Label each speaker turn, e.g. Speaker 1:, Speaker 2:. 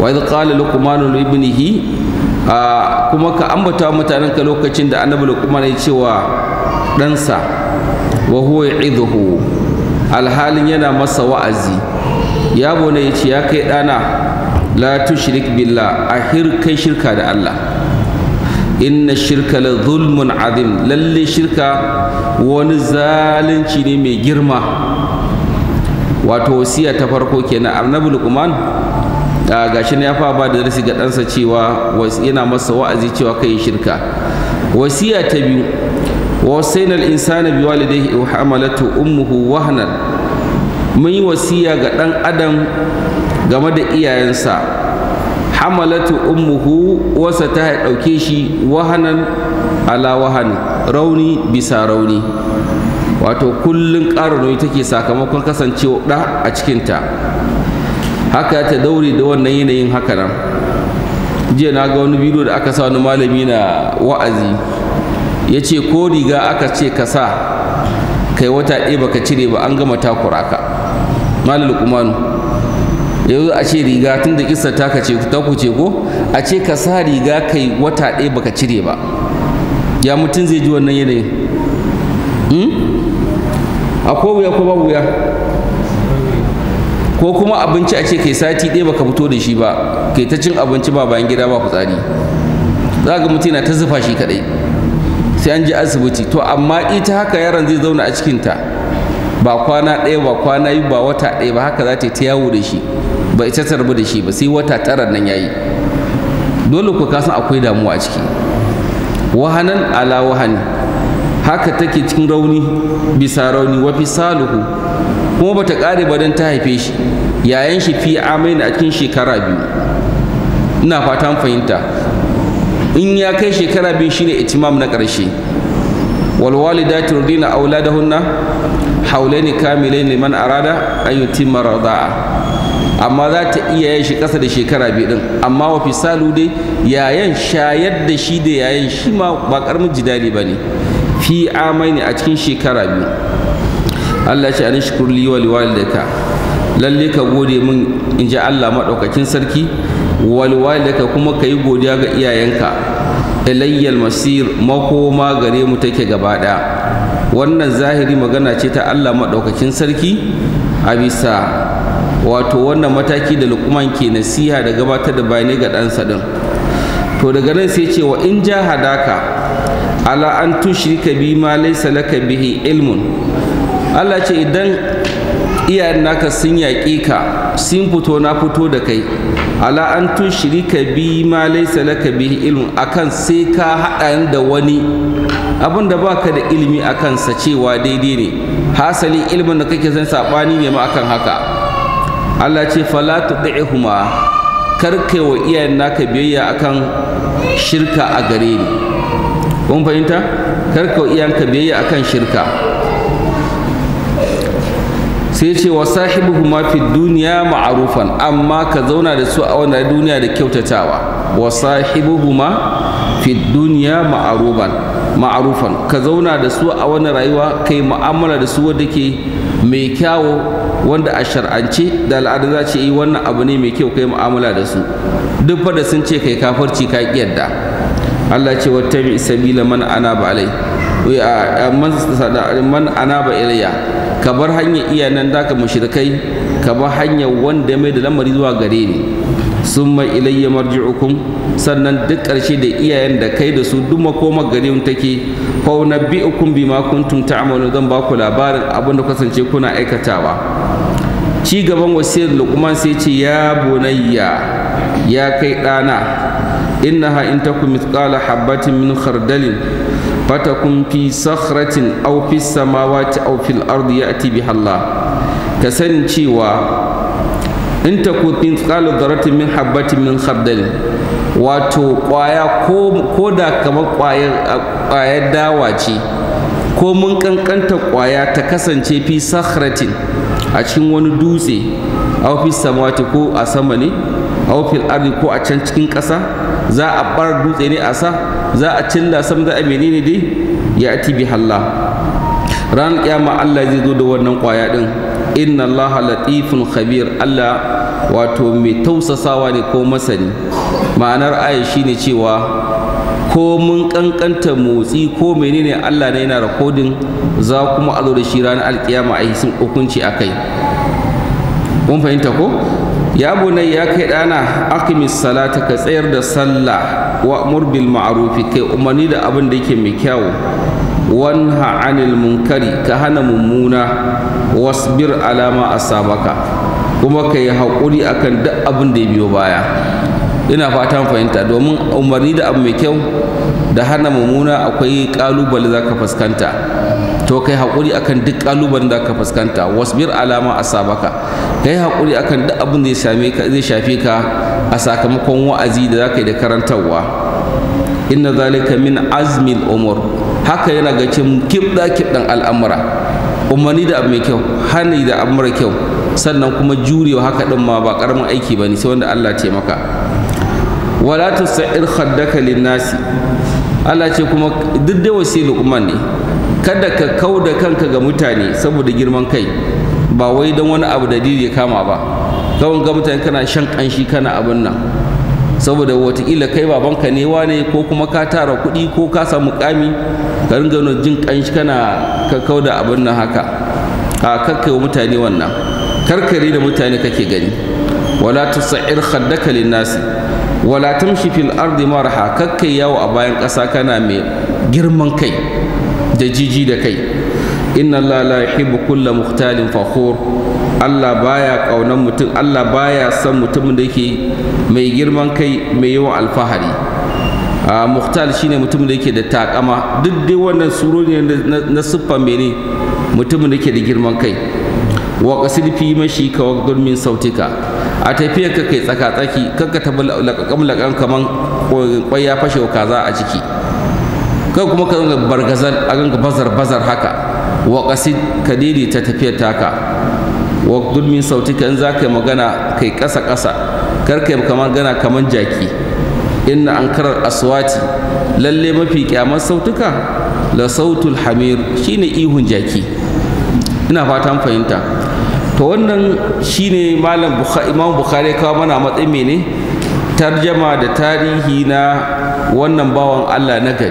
Speaker 1: wa idh qala luqman li ibnihi kuma ka ambata mutanen ka lokacin da annabi luqman ya cewa wa ɗansa wa huwa alhalin yana masa wa'azi ya bone ya ya kai ɗana la tushrik billah a kai shirka da Allah inna shirka la zulmun azim lalle shirka wani zalunci ne mai girma wato wasiya ta farko kenan annabi luqman shi ne ya fa ba da darasi ga ɗansa cewa yana masa wa'azi cewa kai shirka wasiya ta biyu wasaina al-insana biwalidayhi wa hamalatu ummuhu wahnan mun yi wasiya ga ɗan adam game da iyayensa hamalatu ummuhu wasa ta ɗauke shi wahanan ala wahani rauni bisa rauni wato kullum ƙara nuni take sakamakon kasancewa ɗa a cikinta haka ta daure da wannan yanayin haka nan jiya na ga wani bidiyo da aka sa wani malami na wa'azi ya ce ko riga aka ce ka sa kai wata ɗaya baka cire ba an gama takura ka malal kumanu yanzu a ce riga tun da kisa ta ce ta ku ce ko a ce ka sa riga kai wata ɗaya baka cire ba ya mutum zai ji wannan yanayin hmm? akwai wuya ko babu wuya ko kuma abinci a ce kai sati ɗaya baka fito da shi ba kai ta cin abinci ba bayan gida ba fitsari za ga mutum na ta zufa shi kaɗai sai an je asibiti to amma ita haka yaron zai zauna a cikinta ba kwana ɗaya ba kwana yi ba wata ɗaya ba haka za ta yi ta yawo da shi ba ita ta rabu da shi ba sai wata tara nan yayi dole ku kasan akwai damuwa a ciki wahanan ala wahani haka take cikin rauni bisa rauni wa saluhu kuma bata kare ba dan ta haife shi yayan shi fi amai a cikin shekara biyu ina fatan fahimta in ya kai shekara biyu shine itimam na karshe wal walidati yurdina auladahunna haulaini kamilain liman arada an yutimma rida'a amma za ta iya yin shi kasa da shekara biyu din amma wa fisalu dai yayan shayar da shi da yayan shi ma ba ƙaramin jidali ba ne fi amaini a cikin shekara biyu Allah ce an shukur li wa liwalidaka lalle ka gode min in ji Allah maɗaukakin sarki wa ka kuma ka yi godiya ga iyayenka ilayyal masir makoma gare mu take gaba ɗaya wannan zahiri magana ce ta Allah maɗaukakin sarki a bisa wato wannan mataki da lukman ke nasiha da gabatar da bayanai ga ɗansa ɗin to daga nan sai ce wa in ja hadaka ala an tushrika bi ma laysa laka bihi ilmun Allah ce idan iyayen naka sun yaƙe ka sun fito na fito da kai ala an tushrika bi ma laysa laka bihi ilmun akan sai ka haɗa da wani abin da baka da ilimi akan kansa cewa daidai ne hasali ilmin da kake san sabani ne ma akan haka Allah ce fala tuqihuma kar kai wa iyayen naka biyayya akan shirka a gare ni kun fahimta karka iyanka biyayya akan shirka sai ce wa sahibuhu ma fi duniya ma'arufan amma ka zauna da su a wannan duniya da kyautatawa wa sahibuhu ma fi duniya ma'arufan ma'arufan ka zauna da su a wannan rayuwa kai mu'amala da su wanda ke mai kyawo wanda a shar'ance da al'ada za ce yi eh, wannan abu ne mai kyau kai mu'amala da su duk fa sun ce kai kafarci ka ƙi yadda Allah ce wa tabi sabila man ba alai man ba ilayya ka bar hanyar iyanan daka mushrikai ka bar hanyar wanda mai da lamari zuwa gare ni summa ilayya marji'ukum sannan duk ƙarshe da iyayen da kai da su duk makoma gare mu take fa bi bima kuntum ta'malu zan ba ku labarin abin da kasance kuna aikatawa ci gaban wasiyar luqman sai ce ya bunayya ya kai ɗana innaha in taku mithqala habbatin min khardalin fatakun fi sakhratin aw fi samawati aw fil ardi ya'ti biha Allah ka sani cewa in taku mithqala dharratin min habbatin min khardalin wato kwaya ko da kamar kwayar dawa ce ko mun kankanta kwaya ta kasance fi sakhratin a cikin wani dutse a fi samawati ko a sama ne aw fil ko a can cikin ƙasa za a bar dutse ne a sa za a cilla sam za a menene dai ya ati bi halla ran kiyama Allah zai zo da wannan kwaya din inna Allah latifun khabir Allah wato mai tausasawa ne ko masani ma'anar aya shine cewa ko mun kankanta motsi ko menene Allah ne yana rakodin za kuma a zo da shi ranar alkiyama a sun hukunci a kai kun fahimta ko ya bunai ya kai ɗana aqimis salata ka tsayar da sallah wa bil ma'arufi kai umarni da abin da yake mai kyau wanha anil munkari ka hana mummuna wasbir alama asabaka kuma ka yi haƙuri akan duk abin da ya biyo baya ina fatan fahimta domin umarni da abu mai kyau da hana mummuna akwai ƙalubale za ka fuskanta to kai hakuri akan duk ƙalubalen da ka fuskanta wasbir alama a sabaka kai hakuri akan duk abin da zai shafe ka a sakamakon wa'azi da za ka yi da karantarwa inna zalika min azmin umur haka yana ga cin kibda kibdan al'amura umarni da abu mai kyau hani da abu mara kyau sannan kuma jurewa haka din ma ba karamin aiki bane sai wanda Allah ce maka wala tusair khaddaka linnasi Allah ce kuma duk da wasilu umman ne kada ka kau da kanka ga mutane saboda girman kai ba wai don wani abu da ya kama ba kawai ga mutane kana shan kanshi kana abin nan saboda watakila kai babanka ne wane ko kuma ka tara kuɗi ko ka samu mukami ka ringa jin kanshi kana kakkau da abin nan haka a kakkai mutane wannan karkari da mutane kake gani wala tusa'ir khaddaka linnasi wala tamshi fil ardi marha kakkai yawo a bayan ƙasa kana mai girman kai da jiji da kai inna Allah la yuhibbu kulla muhtalin fakhur Allah baya kaunan mutum Allah baya son mutumin da yake mai girman kai mai yawan alfahari muhtal shine mutumin da yake da takama duk dai wannan surori ne na siffa mene mutumin da yake da girman kai wa qasid fi mashi ka wa gurmin sautika a tafiyar ka kai tsaka tsaki kanka tabbala laqam laqam kaman kwai ya fashe kaza a ciki kai kuma ka zanga bargazan a ganga bazar bazar haka wa qasid ka ta tafiyar taka wa sauti ka in ka yi magana kai ƙasa ƙasa kar yi kamar gana kamar jaki inna ankarar aswati lalle mafi kyamar sautuka la sautul hamir shine ihun jaki ina fatan fahimta to wannan shine malam imam bukhari kawo mana matsayin mene tarjama da tarihi na wannan bawan allah na gari